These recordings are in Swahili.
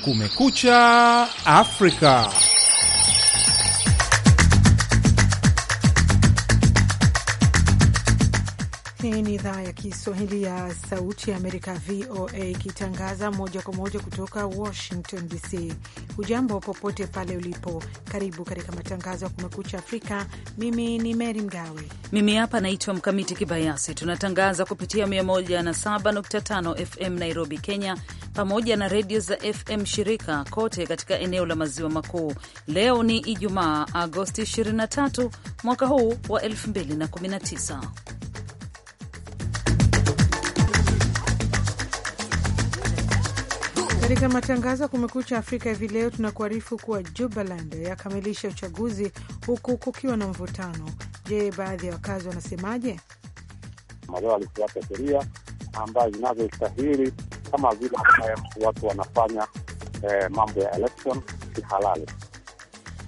Kumekucha Afrika. Hii ni idhaa ya Kiswahili ya Sauti ya Amerika, VOA, ikitangaza moja kwa moja kutoka Washington DC. Hujambo popote pale ulipo, karibu katika matangazo ya Kumekucha Afrika. Mimi ni Mary Mgawe, mimi hapa naitwa Mkamiti Kibayasi. Tunatangaza kupitia 107.5 FM Nairobi, Kenya, pamoja na redio za FM shirika kote katika eneo la maziwa makuu. Leo ni Ijumaa, Agosti 23 mwaka huu wa 2019. Katika matangazo ya Kumekucha Afrika hivi leo tunakuarifu kuwa Jubaland yakamilisha uchaguzi huku kukiwa na mvutano. Je, baadhi ya wakazi wanasemaje? Madola alifuata sheria ambayo zinazostahili kama vile watu wanafanya eh, mambo ya election kihalali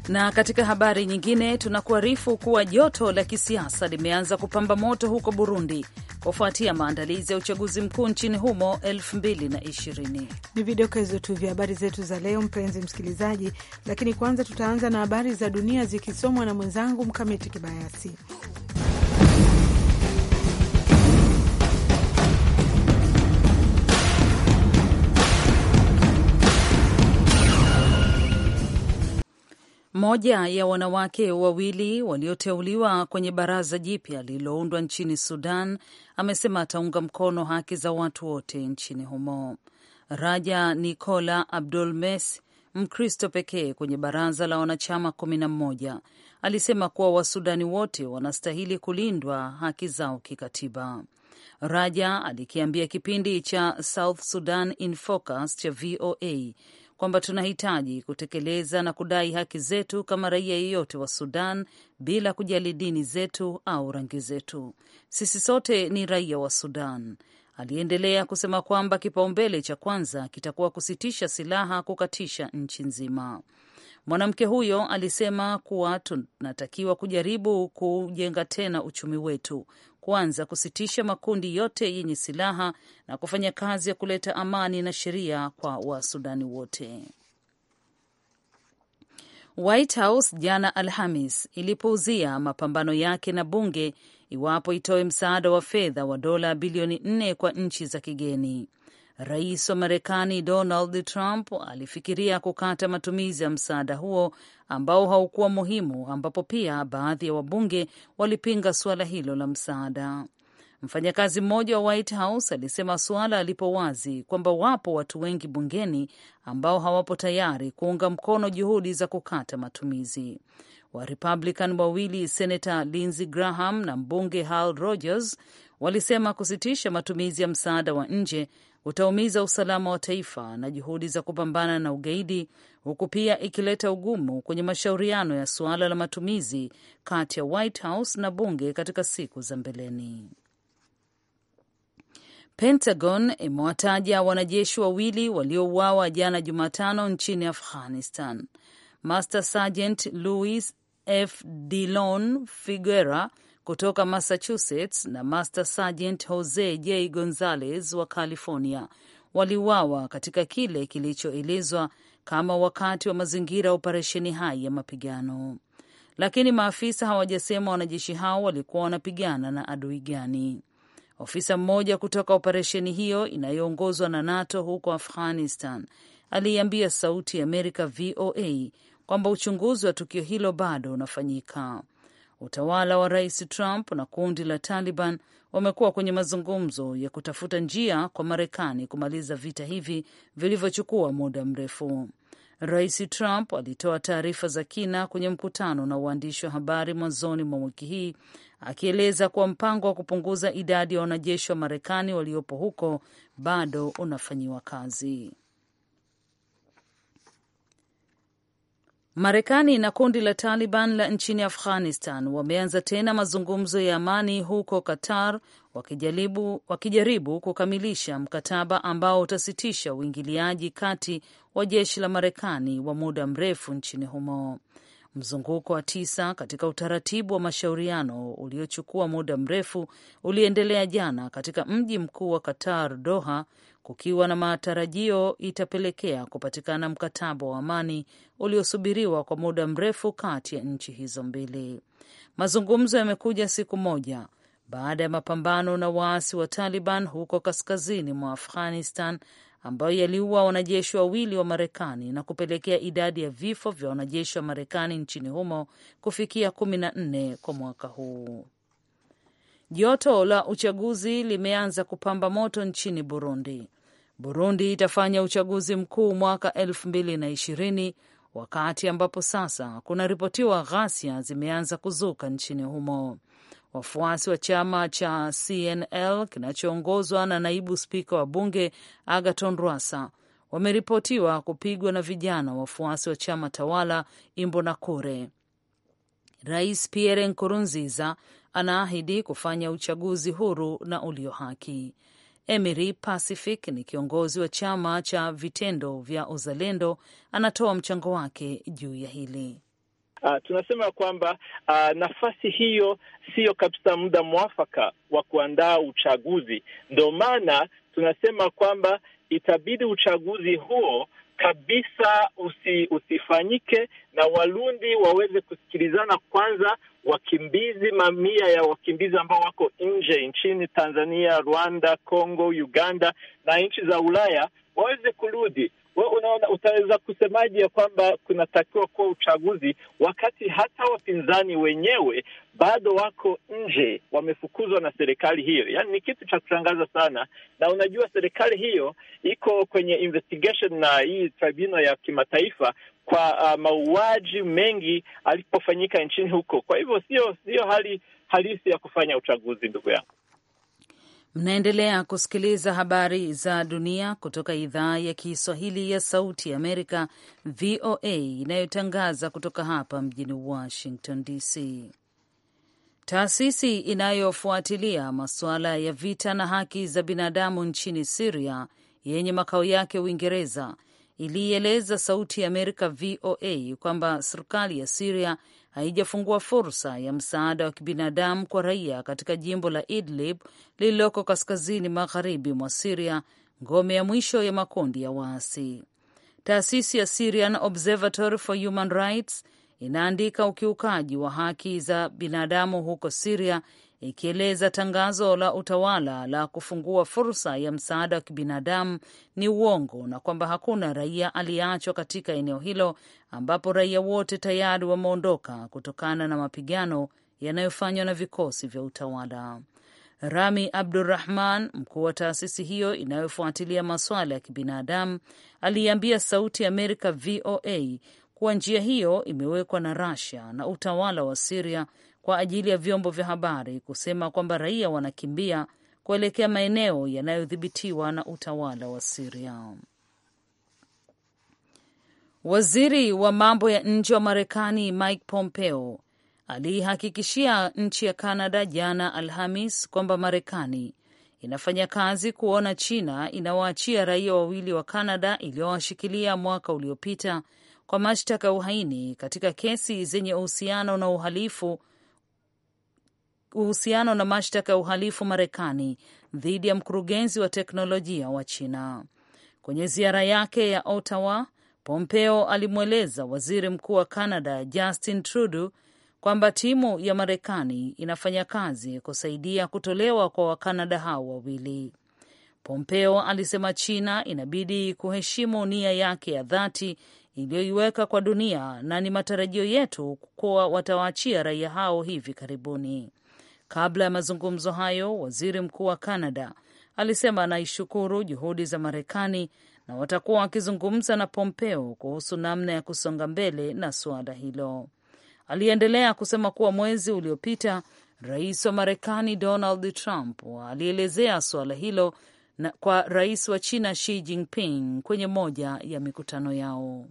na katika habari nyingine tunakuarifu kuwa joto la kisiasa limeanza kupamba moto huko Burundi kufuatia maandalizi ya uchaguzi mkuu nchini humo 2020. Ni vidokezo tu vya habari zetu za leo, mpenzi msikilizaji, lakini kwanza tutaanza na habari za dunia zikisomwa na mwenzangu Mkamiti Kibayasi. Moja ya wanawake wawili walioteuliwa kwenye baraza jipya lililoundwa nchini Sudan amesema ataunga mkono haki za watu wote nchini humo. Raja Nicola Abdul Mes, Mkristo pekee kwenye baraza la wanachama kumi na mmoja, alisema kuwa Wasudani wote wanastahili kulindwa haki zao kikatiba. Raja alikiambia kipindi cha South Sudan in Focus cha VOA kwamba tunahitaji kutekeleza na kudai haki zetu kama raia yeyote wa Sudan bila kujali dini zetu au rangi zetu. Sisi sote ni raia wa Sudan. Aliendelea kusema kwamba kipaumbele cha kwanza kitakuwa kusitisha silaha kukatisha nchi nzima. Mwanamke huyo alisema kuwa tunatakiwa kujaribu kujenga tena uchumi wetu kwanza kusitisha makundi yote yenye silaha na kufanya kazi ya kuleta amani na sheria kwa Wasudani wote. White House jana Alhamis ilipuuzia mapambano yake na bunge iwapo itoe msaada wa fedha wa dola bilioni nne kwa nchi za kigeni. Rais wa Marekani Donald Trump alifikiria kukata matumizi ya msaada huo ambao haukuwa muhimu, ambapo pia baadhi ya wabunge walipinga suala hilo la msaada. Mfanyakazi mmoja wa White House alisema suala alipo wazi kwamba wapo watu wengi bungeni ambao hawapo tayari kuunga mkono juhudi za kukata matumizi. Warepublican wawili Senata Lindsey Graham na mbunge Hal Rogers walisema kusitisha matumizi ya msaada wa nje utaumiza usalama wa taifa na juhudi za kupambana na ugaidi, huku pia ikileta ugumu kwenye mashauriano ya suala la matumizi kati ya White House na bunge katika siku za mbeleni. Pentagon imewataja wanajeshi wawili waliouawa jana Jumatano nchini Afghanistan, Master Sergeant Louis F Dillon Figuera kutoka Massachusetts na Master Sergeant Jose J Gonzalez wa California waliuawa katika kile kilichoelezwa kama wakati wa mazingira ya operesheni hai ya mapigano, lakini maafisa hawajasema wanajeshi hao walikuwa wanapigana na adui gani. Ofisa mmoja kutoka operesheni hiyo inayoongozwa na NATO huko Afghanistan aliiambia Sauti ya Amerika VOA kwamba uchunguzi wa tukio hilo bado unafanyika. Utawala wa Rais Trump na kundi la Taliban wamekuwa kwenye mazungumzo ya kutafuta njia kwa Marekani kumaliza vita hivi vilivyochukua muda mrefu. Rais Trump alitoa taarifa za kina kwenye mkutano na uandishi wa habari mwanzoni mwa wiki hii akieleza kuwa mpango wa kupunguza idadi ya wanajeshi wa Marekani waliopo huko bado unafanyiwa kazi. Marekani na kundi la Taliban la nchini Afghanistan wameanza tena mazungumzo ya amani huko Qatar, wakijaribu, wakijaribu kukamilisha mkataba ambao utasitisha uingiliaji kati wa jeshi la Marekani wa muda mrefu nchini humo. Mzunguko wa tisa katika utaratibu wa mashauriano uliochukua muda mrefu uliendelea jana katika mji mkuu wa Qatar, Doha, kukiwa na matarajio itapelekea kupatikana mkataba wa amani uliosubiriwa kwa muda mrefu kati ya nchi hizo mbili. Mazungumzo yamekuja siku moja baada ya mapambano na waasi wa Taliban huko kaskazini mwa Afghanistan ambayo yaliua wanajeshi wawili wa Marekani na kupelekea idadi ya vifo vya wanajeshi wa Marekani nchini humo kufikia kumi na nne kwa mwaka huu. Joto la uchaguzi limeanza kupamba moto nchini Burundi. Burundi itafanya uchaguzi mkuu mwaka elfu mbili na ishirini wakati ambapo sasa kunaripotiwa ghasia zimeanza kuzuka nchini humo. Wafuasi wa chama cha CNL kinachoongozwa na naibu spika wa bunge Agaton Rwasa wameripotiwa kupigwa na vijana wafuasi wa chama tawala Imbonerakure. Rais Pierre Nkurunziza anaahidi kufanya uchaguzi huru na ulio haki. Emery Pacific ni kiongozi wa chama cha vitendo vya uzalendo, anatoa mchango wake juu ya hili. Uh, tunasema kwamba uh, nafasi hiyo siyo kabisa muda mwafaka wa kuandaa uchaguzi. Ndio maana tunasema kwamba itabidi uchaguzi huo kabisa usi, usifanyike na Warundi waweze kusikilizana kwanza, wakimbizi, mamia ya wakimbizi ambao wako nje nchini Tanzania, Rwanda, Congo, Uganda na nchi za Ulaya waweze kurudi we unaona, utaweza kusemaje ya kwamba kunatakiwa kuwa uchaguzi wakati hata wapinzani wenyewe bado wako nje, wamefukuzwa na serikali hiyo? Yaani ni kitu cha kushangaza sana, na unajua serikali hiyo iko kwenye investigation na hii tribunal ya kimataifa kwa uh, mauaji mengi alipofanyika nchini huko. Kwa hivyo sio sio hali halisi ya kufanya uchaguzi, ndugu yangu. Mnaendelea kusikiliza habari za dunia kutoka idhaa ya Kiswahili ya Sauti ya Amerika, VOA, inayotangaza kutoka hapa mjini Washington DC. Taasisi inayofuatilia masuala ya vita na haki za binadamu nchini Siria yenye makao yake Uingereza iliieleza Sauti ya Amerika, VOA, kwamba serikali ya Siria haijafungua fursa ya msaada wa kibinadamu kwa raia katika jimbo la Idlib lililoko kaskazini magharibi mwa Siria, ngome ya mwisho ya makundi ya waasi. Taasisi ya Syrian Observatory for Human Rights inaandika ukiukaji wa haki za binadamu huko Siria ikieleza tangazo la utawala la kufungua fursa ya msaada wa kibinadamu ni uongo na kwamba hakuna raia aliyeachwa katika eneo hilo ambapo raia wote tayari wameondoka kutokana na mapigano yanayofanywa na vikosi vya utawala. Rami Abdurahman, mkuu wa taasisi hiyo inayofuatilia masuala ya kibinadamu, aliiambia Sauti ya Amerika VOA kuwa njia hiyo imewekwa na Russia na utawala wa Siria kwa ajili ya vyombo vya habari kusema kwamba raia wanakimbia kuelekea maeneo yanayodhibitiwa na utawala wa Siria. Waziri wa mambo ya nje wa Marekani Mike Pompeo aliihakikishia nchi ya Kanada jana Alhamis kwamba Marekani inafanya kazi kuona China inawaachia raia wawili wa Kanada iliyowashikilia mwaka uliopita kwa mashtaka ya uhaini katika kesi zenye uhusiano na uhalifu uhusiano na mashtaka ya uhalifu Marekani dhidi ya mkurugenzi wa teknolojia wa China. Kwenye ziara yake ya Ottawa, Pompeo alimweleza waziri mkuu wa Canada Justin Trudeau kwamba timu ya Marekani inafanya kazi kusaidia kutolewa kwa Wakanada hao wawili. Pompeo alisema China inabidi kuheshimu nia yake ya dhati iliyoiweka kwa dunia na ni matarajio yetu kuwa watawaachia raia hao hivi karibuni. Kabla ya mazungumzo hayo, waziri mkuu wa Canada alisema anaishukuru juhudi za Marekani na watakuwa wakizungumza na Pompeo kuhusu namna ya kusonga mbele na suala hilo. Aliendelea kusema kuwa mwezi uliopita rais wa Marekani Donald Trump alielezea suala hilo na kwa rais wa China Xi Jinping kwenye moja ya mikutano yao.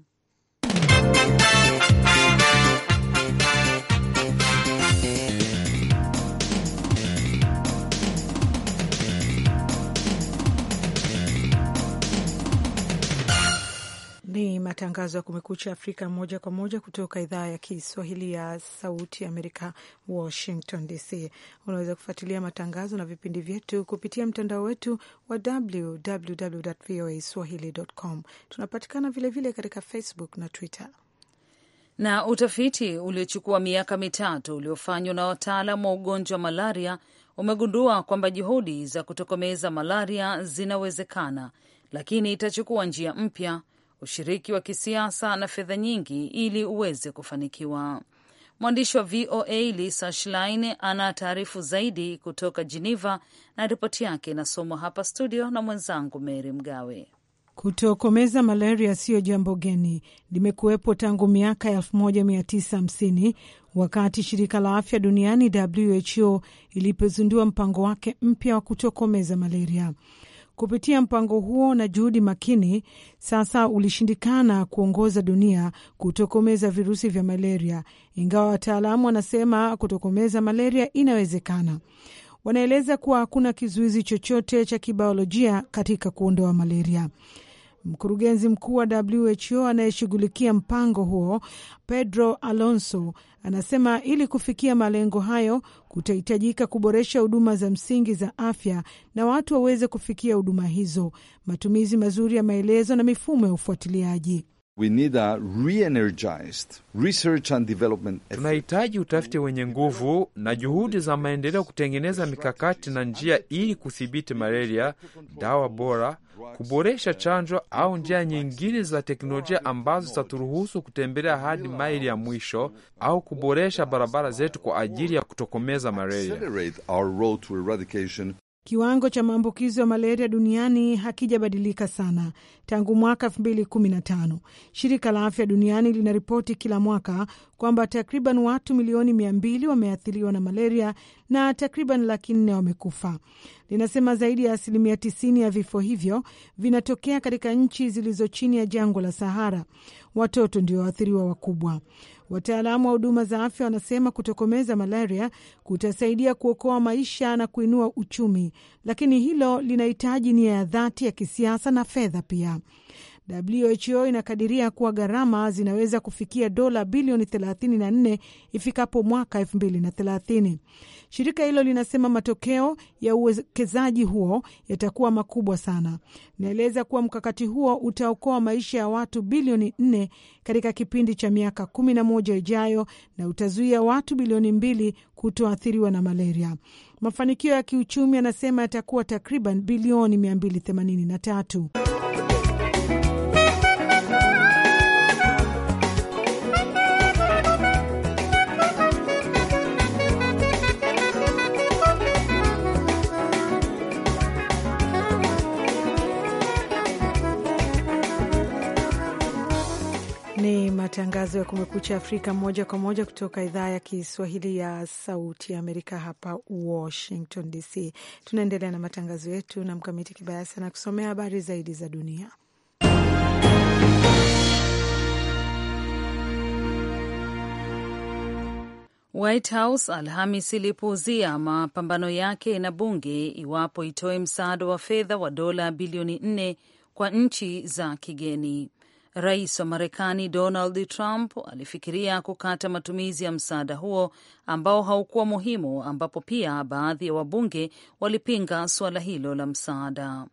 Ni matangazo ya Kumekucha Afrika moja kwa moja kutoka idhaa ya Kiswahili ya Sauti Amerika, Washington DC. Unaweza kufuatilia matangazo na vipindi vyetu kupitia mtandao wetu wa www voa swahili.com. Tunapatikana vilevile katika Facebook na Twitter. Na utafiti uliochukua miaka mitatu uliofanywa na wataalam wa ugonjwa wa malaria umegundua kwamba juhudi za kutokomeza malaria zinawezekana, lakini itachukua njia mpya ushiriki wa kisiasa na fedha nyingi ili uweze kufanikiwa. Mwandishi wa VOA Lisa Schlein ana taarifu zaidi kutoka Geneva, na ripoti yake inasomwa hapa studio na mwenzangu Mery Mgawe. Kutokomeza malaria siyo jambo geni, limekuwepo tangu miaka ya 1950 wakati shirika la afya duniani WHO ilipozindua mpango wake mpya wa kutokomeza malaria. Kupitia mpango huo na juhudi makini, sasa ulishindikana kuongoza dunia kutokomeza virusi vya malaria, ingawa wataalamu wanasema kutokomeza malaria inawezekana. Wanaeleza kuwa hakuna kizuizi chochote cha kibiolojia katika kuondoa malaria. Mkurugenzi mkuu wa WHO anayeshughulikia mpango huo Pedro Alonso Anasema ili kufikia malengo hayo kutahitajika kuboresha huduma za msingi za afya na watu waweze kufikia huduma hizo, matumizi mazuri ya maelezo na mifumo ya ufuatiliaji. We need a re-energized research and development. Tunahitaji utafiti wenye nguvu na juhudi za maendeleo kutengeneza mikakati na njia ili kudhibiti malaria, dawa bora, kuboresha chanjo au njia nyingine za teknolojia ambazo zitaturuhusu kutembelea hadi maili ya mwisho au kuboresha barabara zetu kwa ajili ya kutokomeza malaria. Kiwango cha maambukizi ya malaria duniani hakijabadilika sana tangu mwaka 2015. Shirika la Afya Duniani linaripoti kila mwaka kwamba takriban watu milioni 200 wameathiriwa na malaria na takriban laki nne wamekufa. Linasema zaidi ya asilimia 90 ya vifo hivyo vinatokea katika nchi zilizo chini ya jangwa la Sahara. Watoto ndio waathiriwa wakubwa. Wataalamu wa huduma za afya wanasema kutokomeza malaria kutasaidia kuokoa maisha na kuinua uchumi, lakini hilo linahitaji nia ya dhati ya kisiasa na fedha pia. WHO inakadiria kuwa gharama zinaweza kufikia dola bilioni 34 ifikapo mwaka 2030. Shirika hilo linasema matokeo ya uwekezaji huo yatakuwa makubwa sana. Inaeleza kuwa mkakati huo utaokoa maisha ya watu bilioni 4 katika kipindi cha miaka 11 ijayo na utazuia watu bilioni mbili kutoathiriwa na malaria. Mafanikio ya kiuchumi anasema yatakuwa takriban bilioni 283. matangazo ya Kumekucha Afrika moja kwa moja kutoka idhaa ya Kiswahili ya Sauti ya Amerika hapa Washington DC. Tunaendelea na matangazo yetu na Mkamiti Kibayasi anakusomea habari zaidi za dunia. White House Alhamis ilipuuzia mapambano yake na bunge iwapo itoe msaada wa fedha wa dola bilioni nne kwa nchi za kigeni. Rais wa Marekani Donald Trump alifikiria kukata matumizi ya msaada huo ambao haukuwa muhimu, ambapo pia baadhi ya wabunge walipinga suala hilo la msaada.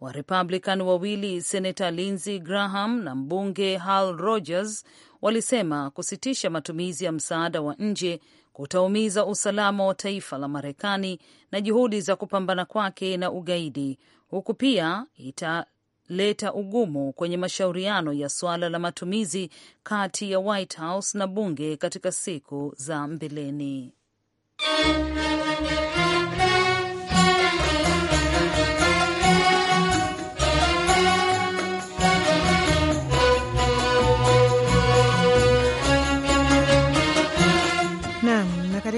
Warepublican wawili Senata Lindsey Graham na mbunge Hal Rogers walisema kusitisha matumizi ya msaada wa nje kutaumiza usalama wa taifa la Marekani na juhudi za kupambana kwake na ugaidi, huku pia ita leta ugumu kwenye mashauriano ya suala la matumizi kati ya White House na bunge katika siku za mbeleni.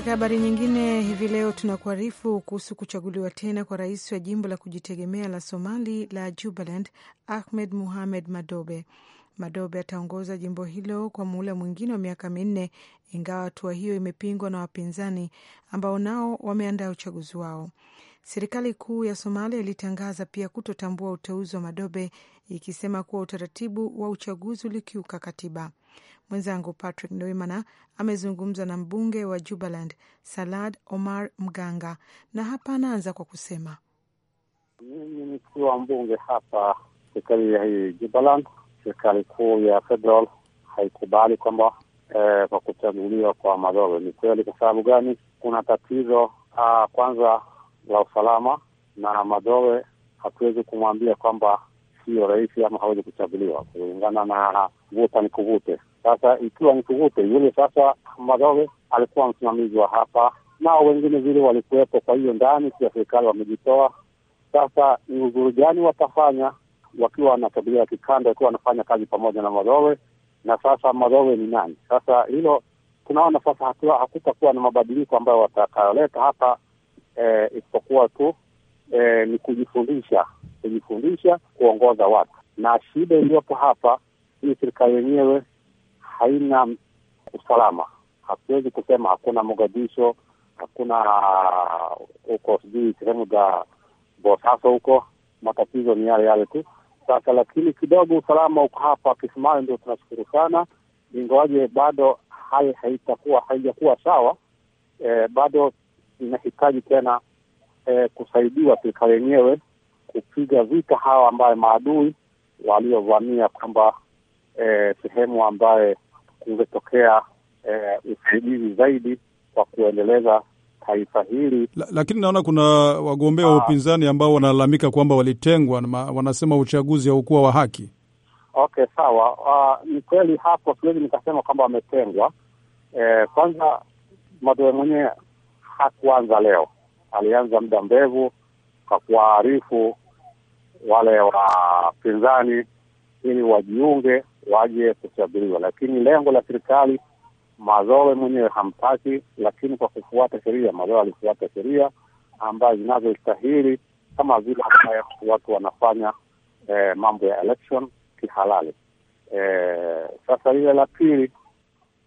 Katika habari nyingine hivi leo tunakuarifu kuhusu kuchaguliwa tena kwa rais wa jimbo la kujitegemea la Somali la Jubaland, Ahmed Muhamed Madobe. Madobe ataongoza jimbo hilo kwa muhula mwingine wa miaka minne, ingawa hatua hiyo imepingwa na wapinzani ambao nao wameandaa uchaguzi wao. Serikali kuu ya Somalia ilitangaza pia kutotambua uteuzi wa Madobe, ikisema kuwa utaratibu wa uchaguzi ulikiuka katiba. Mwenzangu Patrick Ndwimana amezungumza na mbunge wa Jubaland Salad Omar Mganga, na hapa anaanza kwa kusema mimi nikiwa mbunge hapa serikali ya hii Jubaland, serikali kuu ya federal haikubali kwamba eh, kwa kuchaguliwa kwa Madhowe. Ni kweli. Kwa sababu gani? Kuna tatizo ah, kwanza la usalama, na Madhowe hatuwezi kumwambia kwamba siyo rahisi ama hawezi kuchaguliwa kulingana na vuta ni kuvute. Sasa ikiwa Mkugute yule sasa Madowe alikuwa msimamizi wa hapa, nao wengine vile walikuwepo, kwa hiyo ndani pia serikali wamejitoa. Sasa ni uzuri gani watafanya wakiwa wanakabilia ya kikanda, wakiwa wanafanya kazi pamoja na Madowe na sasa Madowe ni nani? Sasa hilo tunaona sasa hatua, hakutakuwa na mabadiliko ambayo watakayoleta hapa eh, isipokuwa tu eh, ni kujifundisha, kujifundisha kuongoza watu, na shida iliyopo hapa hii serikali yenyewe haina usalama. Hatuwezi kusema hakuna Mogadisho, hakuna uh, huko sijui sehemu za Bosaso huko, matatizo ni yale yale tu sasa, lakini kidogo usalama uko hapa kisimali ndio tunashukuru sana, ingawaje bado hali haitakuwa haijakuwa sawa e, bado inahitaji tena e, kusaidiwa serikali yenyewe kupiga vita hawa ambayo maadui waliovamia kwamba e, sehemu ambaye kungetokea eh, usaidizi zaidi kwa kuendeleza taifa hili la, lakini naona kuna wagombea wa ah. upinzani ambao wanalalamika kwamba walitengwa, wanasema uchaguzi haukuwa wa haki. Okay, sawa. Uh, ni kweli hapo, siwezi nikasema kwamba wametengwa. Eh, kwanza Madoe mwenyewe hakuanza leo, alianza muda mrefu kwa kuwaarifu wale wapinzani ili wajiunge waje kuchaguliwa, lakini lengo la serikali Mazowe mwenyewe hamtaki, lakini kwa kufuata sheria, Mazowe alifuata sheria ambayo zinazostahili kama vile ambayo watu wanafanya eh, mambo ya election kihalali. Eh, sasa ile la pili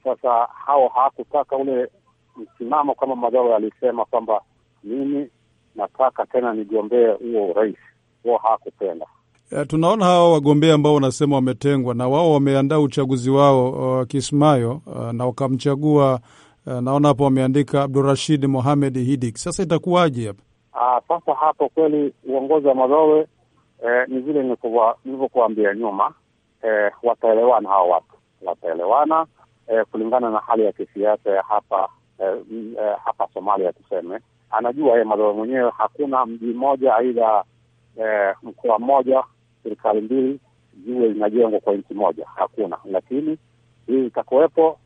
sasa, hao hawakutaka ule msimamo kama Mazowe alisema kwamba mimi nataka tena nigombee huo urais, huo hawakupenda Eh, tunaona hawa wagombea ambao wanasema wametengwa na wao wameandaa uchaguzi wao uh, Kismayo uh, na wakamchagua uh, naona hapo wameandika Abdurashid Mohamed Hidik. Sasa itakuwaje hapa? Ah, sasa hapo kweli uongozi wa Madowe eh, ni vile nilivyokuambia nyuma eh, wataelewana hawa watu wataelewana eh, kulingana na hali ya kisiasa ya hapa eh, mm, eh, hapa Somalia tuseme, anajua yeye Madowe mwenyewe hakuna mji mmoja aidha eh, mkoa mmoja serikali mbili ziwe zinajengwa kwa nchi moja, hakuna. Lakini hii itakuwepo,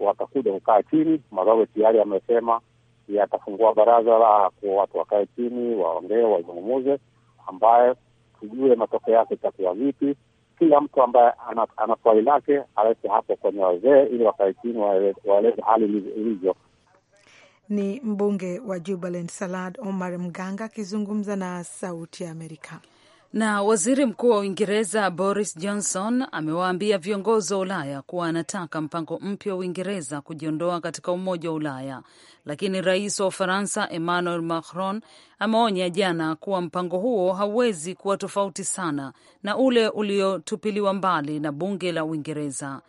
watakuja kukaa chini. Mabawe tayari amesema yatafungua baraza la kuwa watu wakae chini, waongee, wazungumuze, ambaye tujue matokeo yake itakuwa vipi. Kila mtu ambaye ana swali lake alete hapo kwenye wazee, ili wakae chini, waeleze hali ilivyo. Ni mbunge wa Jubaland Salad Omar Mganga akizungumza na Sauti ya Amerika. Na waziri mkuu wa Uingereza Boris Johnson amewaambia viongozi wa Ulaya kuwa anataka mpango mpya wa Uingereza kujiondoa katika Umoja wa Ulaya, lakini rais wa Ufaransa Emmanuel Macron ameonya jana kuwa mpango huo hauwezi kuwa tofauti sana na ule uliotupiliwa mbali na bunge la Uingereza.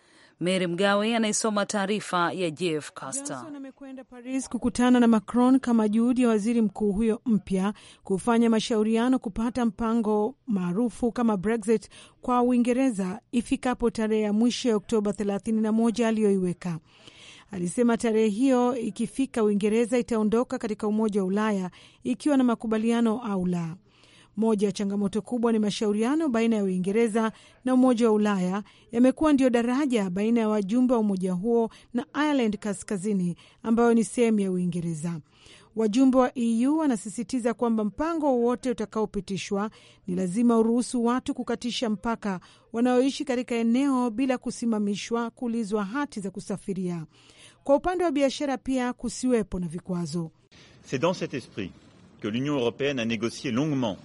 Mary Mgawe anayesoma taarifa ya Jeff Caster. Johnson amekwenda Paris kukutana na Macron kama juhudi ya waziri mkuu huyo mpya kufanya mashauriano kupata mpango maarufu kama Brexit kwa Uingereza ifikapo tarehe ya mwisho ya Oktoba 31 aliyoiweka. Alisema tarehe hiyo ikifika, Uingereza itaondoka katika Umoja wa Ulaya ikiwa na makubaliano au la. Moja ya changamoto kubwa ni mashauriano baina ya Uingereza na Umoja wa Ulaya yamekuwa ndiyo daraja baina ya wajumbe wa umoja huo na Ireland Kaskazini, ambayo ni sehemu ya Uingereza. Wajumbe wa EU wanasisitiza kwamba mpango wowote utakaopitishwa ni lazima uruhusu watu kukatisha mpaka wanaoishi katika eneo bila kusimamishwa kuulizwa hati za kusafiria. Kwa upande wa biashara pia kusiwepo na vikwazo. C'est dans cet esprit que l'Union européenne a négocié longuement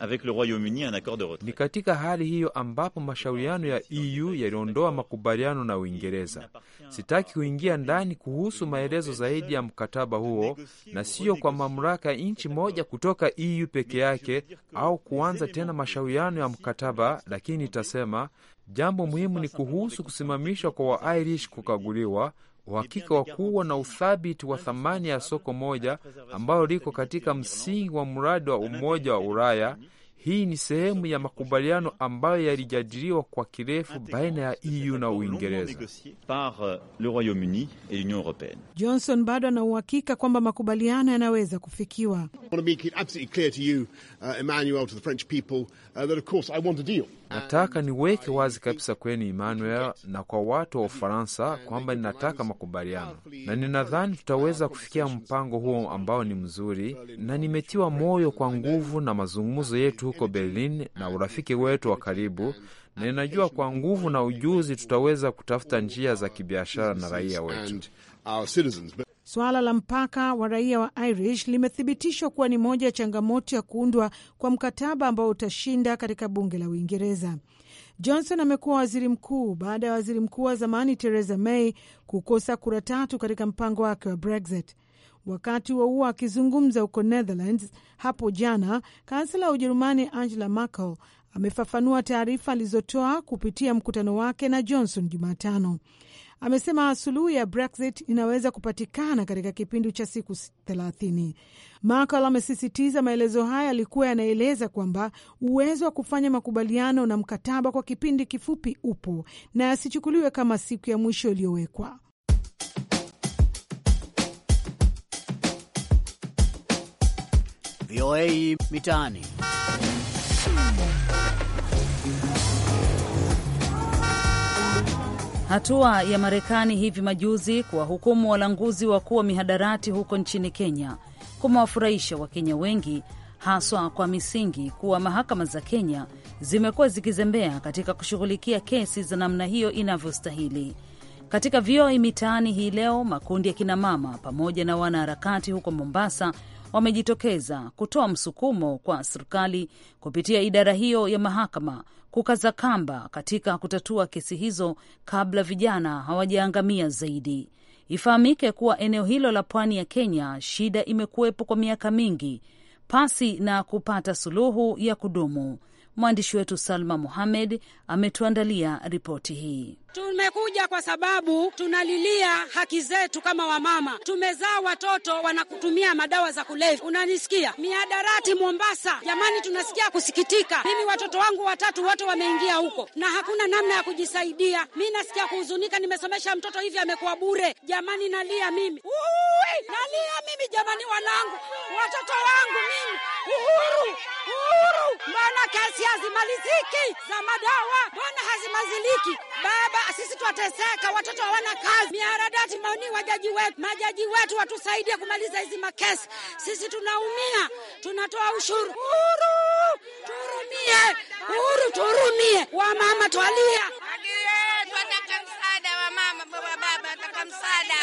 avec le Royaume-Uni un accord de retrait. Ni katika hali hiyo ambapo mashauriano ya EU yaliondoa makubaliano na Uingereza. Sitaki kuingia ndani kuhusu maelezo zaidi ya mkataba huo, na siyo kwa mamlaka ya nchi moja kutoka EU peke yake au kuanza tena mashauriano ya mkataba, lakini nitasema jambo muhimu ni kuhusu kusimamishwa kwa Wairish kukaguliwa uhakika wa kuwa na uthabiti wa thamani ya soko moja ambalo liko katika msingi wa mradi wa Umoja wa Ulaya. Hii ni sehemu ya makubaliano ambayo yalijadiliwa kwa kirefu baina ya EU na Uingereza. Johnson bado ana uhakika kwamba makubaliano yanaweza kufikiwa. Uh, Nataka niweke wazi kabisa kwenu Emmanuel na kwa watu wa Ufaransa kwamba ninataka makubaliano, na ninadhani tutaweza kufikia mpango huo ambao ni mzuri, na nimetiwa moyo kwa nguvu na mazungumzo yetu huko Berlin na urafiki wetu wa karibu, na ninajua kwa nguvu na ujuzi tutaweza kutafuta njia za kibiashara na raia wetu our citizens. But... Suala la mpaka wa raia wa Irish limethibitishwa kuwa ni moja ya changamoto ya kuundwa kwa mkataba ambao utashinda katika bunge la Uingereza. Johnson amekuwa waziri mkuu baada ya waziri mkuu wa zamani Theresa May kukosa kura tatu katika mpango wake wa Brexit. Wakati huo huo, akizungumza huko Netherlands hapo jana, kansela wa Ujerumani Angela Merkel amefafanua taarifa alizotoa kupitia mkutano wake na Johnson Jumatano. Amesema suluhu ya Brexit inaweza kupatikana katika kipindi cha siku thelathini. Merkel amesisitiza maelezo haya yalikuwa yanaeleza kwamba uwezo wa kufanya makubaliano na mkataba kwa kipindi kifupi upo na yasichukuliwe kama siku ya mwisho iliyowekwa. VOA Mitaani. Hatua ya Marekani hivi majuzi kuwahukumu walanguzi wakuu wa mihadarati huko nchini Kenya kumewafurahisha Wakenya wengi haswa kwa misingi kuwa mahakama za Kenya zimekuwa zikizembea katika kushughulikia kesi za namna hiyo inavyostahili. Katika vioi mitaani hii leo, makundi ya kinamama pamoja na wanaharakati huko Mombasa wamejitokeza kutoa msukumo kwa serikali kupitia idara hiyo ya mahakama kukaza kamba katika kutatua kesi hizo kabla vijana hawajaangamia zaidi. Ifahamike kuwa eneo hilo la pwani ya Kenya, shida imekuwepo kwa miaka mingi pasi na kupata suluhu ya kudumu. Mwandishi wetu Salma muhamed ametuandalia ripoti hii. Tumekuja kwa sababu tunalilia haki zetu kama wamama. Tumezaa watoto wanakutumia madawa za kulevya, unanisikia? Miadarati Mombasa, jamani, tunasikia kusikitika. Mimi watoto wangu watatu wote wameingia huko na hakuna namna ya kujisaidia. Mi nasikia kuhuzunika, nimesomesha mtoto hivi amekuwa bure. Jamani, nalia mimi Uui, nalia mimi jamani, wanangu, watoto wangu mimi. Uhuru, uhuru, mbona kesi hazimaliziki za madawa? Mbona hazimaziliki? Baba, sisi twateseka, watoto hawana kazi, miaradati maoni. Wajaji wetu, majaji wetu watusaidie kumaliza hizi makesi. Sisi tunaumia, tunatoa ushuru. Uhuru turumie, uhuru turumie, wamama twalia, eh, tunataka msaada wa mama, baba, baba wanataka msaada,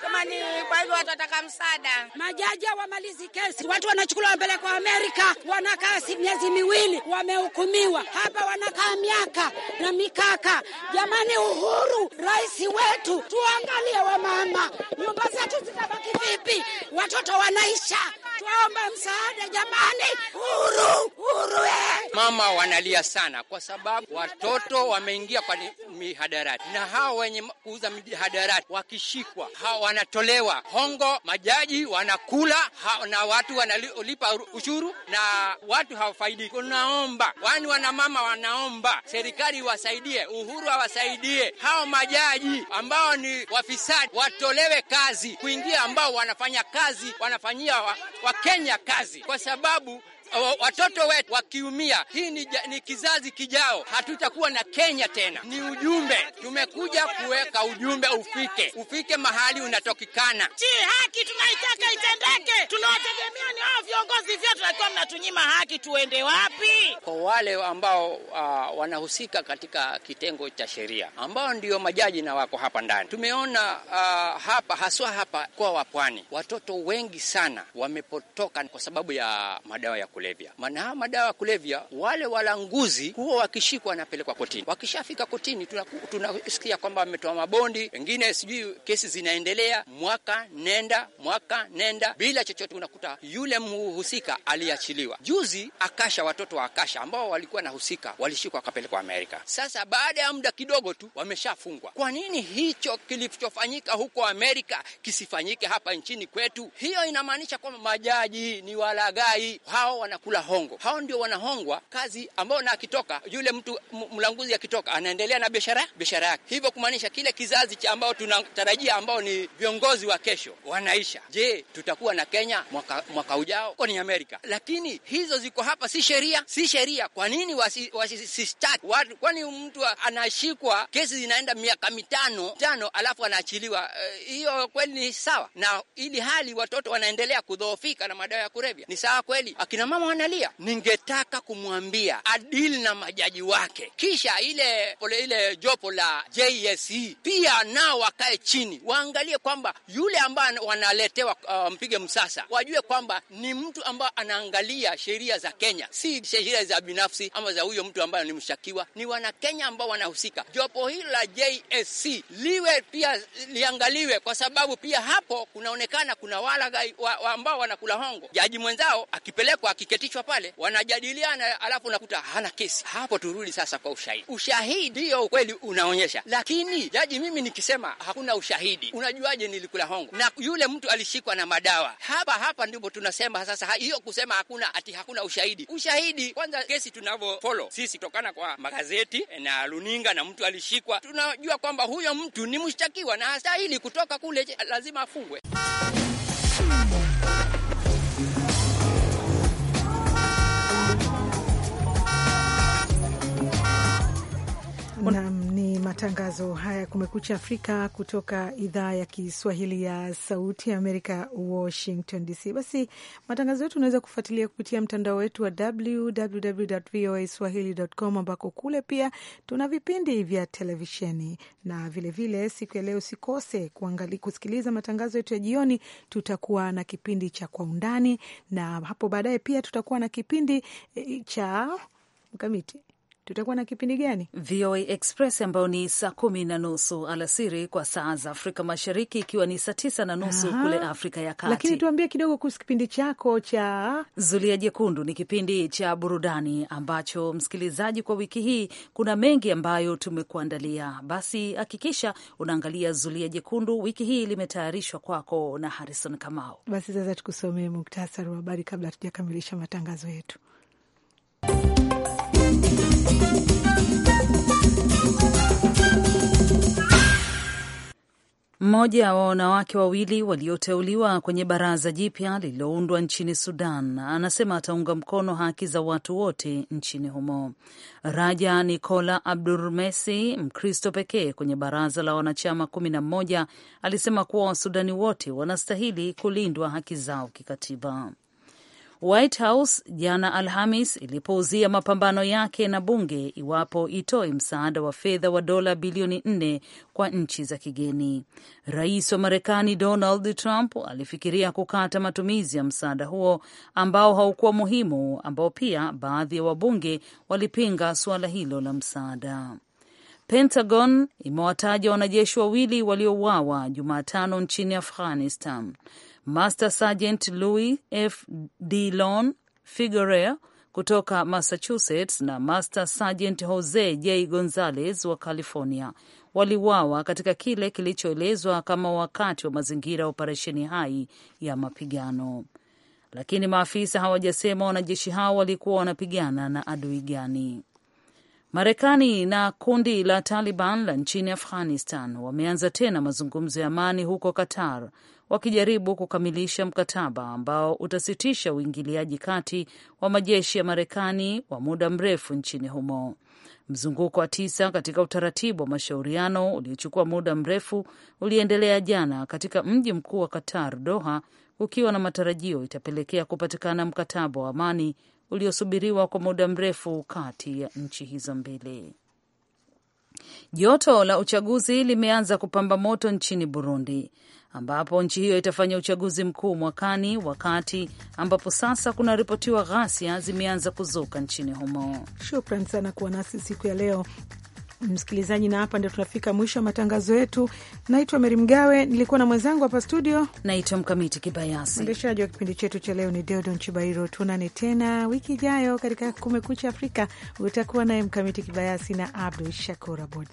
tamani. Kwa hivyo watu wanataka msaada, majaji wamalizi kesi. Watu wanachukuliwa wapelekwa Amerika, wanakaa miezi miwili, wamehukumiwa hapa, wanakaa miaka na mikaka. Jamani, Uhuru rais wetu, tuangalie wamama, nyumba zetu zitabaki vipi? Watoto wanaisha, tuombe msaada jamani. Uhuru, Uhuru eh. Mama wanalia sana kwa sababu watoto wameingia kwa mihadarati, na hawa wenye kuuza mihadarati wakishikwa, hawa wanatolewa hongo, majaji wanakula hao, na watu wanalipa ushuru na watu hawafaidiki. Unaomba wani, wanamama wanaomba serikali iwasaidie, Uhuru awasaidie hao majaji ambao ni wafisadi, watolewe kazi kuingia, ambao wanafanya kazi wanafanyia Wakenya wa kazi kwa sababu watoto wetu wakiumia. Hii ni, ni kizazi kijao, hatutakuwa na Kenya tena. Ni ujumbe tumekuja kuweka, ujumbe ufike, ufike mahali unatokikana. ci haki tunaitaka itendeke, tunawategemea ni hao viongozi vyetu, akiwa mnatunyima haki, tuende wapi? Kwa wale ambao uh, wanahusika katika kitengo cha sheria ambao ndio majaji na wako hapa ndani, tumeona uh, hapa haswa hapa kwa wapwani watoto wengi sana wamepotoka kwa sababu ya madawa ya kulevya kulevya. Maana haya madawa ya kulevya, wale walanguzi huwa wakishikwa wanapelekwa kotini. Wakishafika kotini, tunasikia kwamba wametoa mabondi, wengine sijui, kesi zinaendelea mwaka nenda mwaka nenda bila chochote. Unakuta yule mhusika aliachiliwa. Juzi Akasha, watoto wa Akasha ambao walikuwa nahusika walishikwa wakapelekwa Amerika. Sasa baada ya muda kidogo tu wameshafungwa. Kwa nini hicho kilichofanyika huko Amerika kisifanyike hapa nchini kwetu? Hiyo inamaanisha kwamba majaji ni walagai hao, wana wanakula hongo. Hao ndio wanahongwa kazi, ambao na akitoka yule mtu mlanguzi akitoka, anaendelea na biashara biashara yake, hivyo kumaanisha kile kizazi cha ambao tunatarajia ambao ni viongozi wa kesho wanaisha. Je, tutakuwa na Kenya mwaka, mwaka ujao ni Amerika? Lakini hizo ziko hapa, si sheria, si sheria. Kwa nini si, watu? Kwani mtu anashikwa, kesi zinaenda miaka mitano tano, alafu anaachiliwa? Eh, hiyo kweli ni sawa? Na ili hali watoto wanaendelea kudhoofika na madawa ya kulevya, ni sawa kweli? akina mama wanalia. Ningetaka kumwambia adili na majaji wake, kisha ile pole ile jopo la JSE pia nao wakae chini, waangalie kwamba yule ambaye wanaletewa uh, mpige msasa, wajue kwamba ni mtu ambaye anaangalia sheria za Kenya, si sheria za binafsi ama za huyo mtu ambaye ni mshtakiwa. Ni Wanakenya ambao wanahusika. Jopo hilo la JSC e liwe pia liangaliwe, kwa sababu pia hapo kunaonekana kuna walaghai wa, wa ambao wanakula hongo. Jaji mwenzao akipelekwa akiketishwa pale wanajadiliana, alafu nakuta hana kesi. Hapo turudi sasa kwa ushahidi. Ushahidi ndio kweli unaonyesha, lakini jaji, mimi nikisema hakuna ushahidi, unajuaje nilikula hongo na yule mtu alishikwa na madawa? Hapa hapa ndipo tunasema sasa hiyo kusema hakuna ati hakuna ushahidi. Ushahidi kwanza, kesi tunavyo follow sisi kutokana kwa magazeti eh, na runinga, na mtu alishikwa, tunajua kwamba huyo mtu ni mshtakiwa na hastahili kutoka kule, lazima afungwe. matangazo haya Kumekucha Afrika kutoka idhaa ya Kiswahili ya Sauti ya Amerika, Washington DC. Basi matangazo yetu unaweza kufuatilia kupitia mtandao wetu wa www voa swahili.com, ambako kule pia tuna vipindi vya televisheni na vilevile vile, siku ya leo usikose kuangalia, kusikiliza matangazo yetu ya jioni. Tutakuwa na kipindi cha Kwa Undani na hapo baadaye pia tutakuwa na kipindi eh, cha mkamiti tutakuwa na kipindi gani? VOA Express ambayo ni saa kumi na nusu alasiri kwa saa za Afrika Mashariki, ikiwa ni saa tisa na nusu kule Afrika ya Kati. Lakini tuambie kidogo kuhusu kipindi chako cha Zulia Jekundu. Ni kipindi cha burudani ambacho, msikilizaji, kwa wiki hii kuna mengi ambayo tumekuandalia. Basi hakikisha unaangalia Zulia Jekundu, wiki hii limetayarishwa kwako na Harrison Kamau. Basi sasa tukusomee muktasari wa habari kabla hatujakamilisha matangazo yetu. Mmoja wa wanawake wawili walioteuliwa kwenye baraza jipya lililoundwa nchini Sudan anasema ataunga mkono haki za watu wote nchini humo. Raja Nicola Abdurmesi, Mkristo pekee kwenye baraza la wanachama kumi na mmoja, alisema kuwa Wasudani wote wanastahili kulindwa haki zao kikatiba. White House jana Alhamis ilipouzia mapambano yake na bunge iwapo itoe msaada wa fedha wa dola bilioni nne kwa nchi za kigeni. Rais wa Marekani Donald Trump alifikiria kukata matumizi ya msaada huo ambao haukuwa muhimu, ambao pia baadhi ya wa wabunge walipinga suala hilo la msaada. Pentagon imewataja wanajeshi wawili waliouawa Jumatano nchini Afghanistan. Master Sergeant Louis F. Dillon Figueroa kutoka Massachusetts na Master Sergeant Jose J. Gonzalez wa California waliwawa katika kile kilichoelezwa kama wakati wa mazingira ya operesheni hai ya mapigano, lakini maafisa hawajasema wanajeshi hao walikuwa wanapigana na adui gani. Marekani na kundi la Taliban la nchini Afghanistan wameanza tena mazungumzo ya amani huko Qatar wakijaribu kukamilisha mkataba ambao utasitisha uingiliaji kati wa majeshi ya Marekani wa muda mrefu nchini humo. Mzunguko wa tisa katika utaratibu wa mashauriano uliochukua muda mrefu uliendelea jana katika mji mkuu wa Qatar, Doha, ukiwa na matarajio itapelekea kupatikana mkataba wa amani uliosubiriwa kwa muda mrefu kati ya nchi hizo mbili. Joto la uchaguzi limeanza kupamba moto nchini Burundi ambapo nchi hiyo itafanya uchaguzi mkuu mwakani, wakati ambapo sasa kunaripotiwa ghasia zimeanza kuzuka nchini humo. Shukran sana kuwa nasi siku ya leo msikilizaji, na hapa ndio tunafika mwisho wa matangazo yetu. Naitwa Meri Mgawe, nilikuwa na mwenzangu hapa studio, naitwa Mkamiti Kibayasi. Mwendeshaji wa kipindi chetu cha leo ni Deodon Chibairo. Tuonane tena wiki ijayo katika Kumekucha Afrika, utakuwa naye Mkamiti Kibayasi na Abdu Shakur Abud.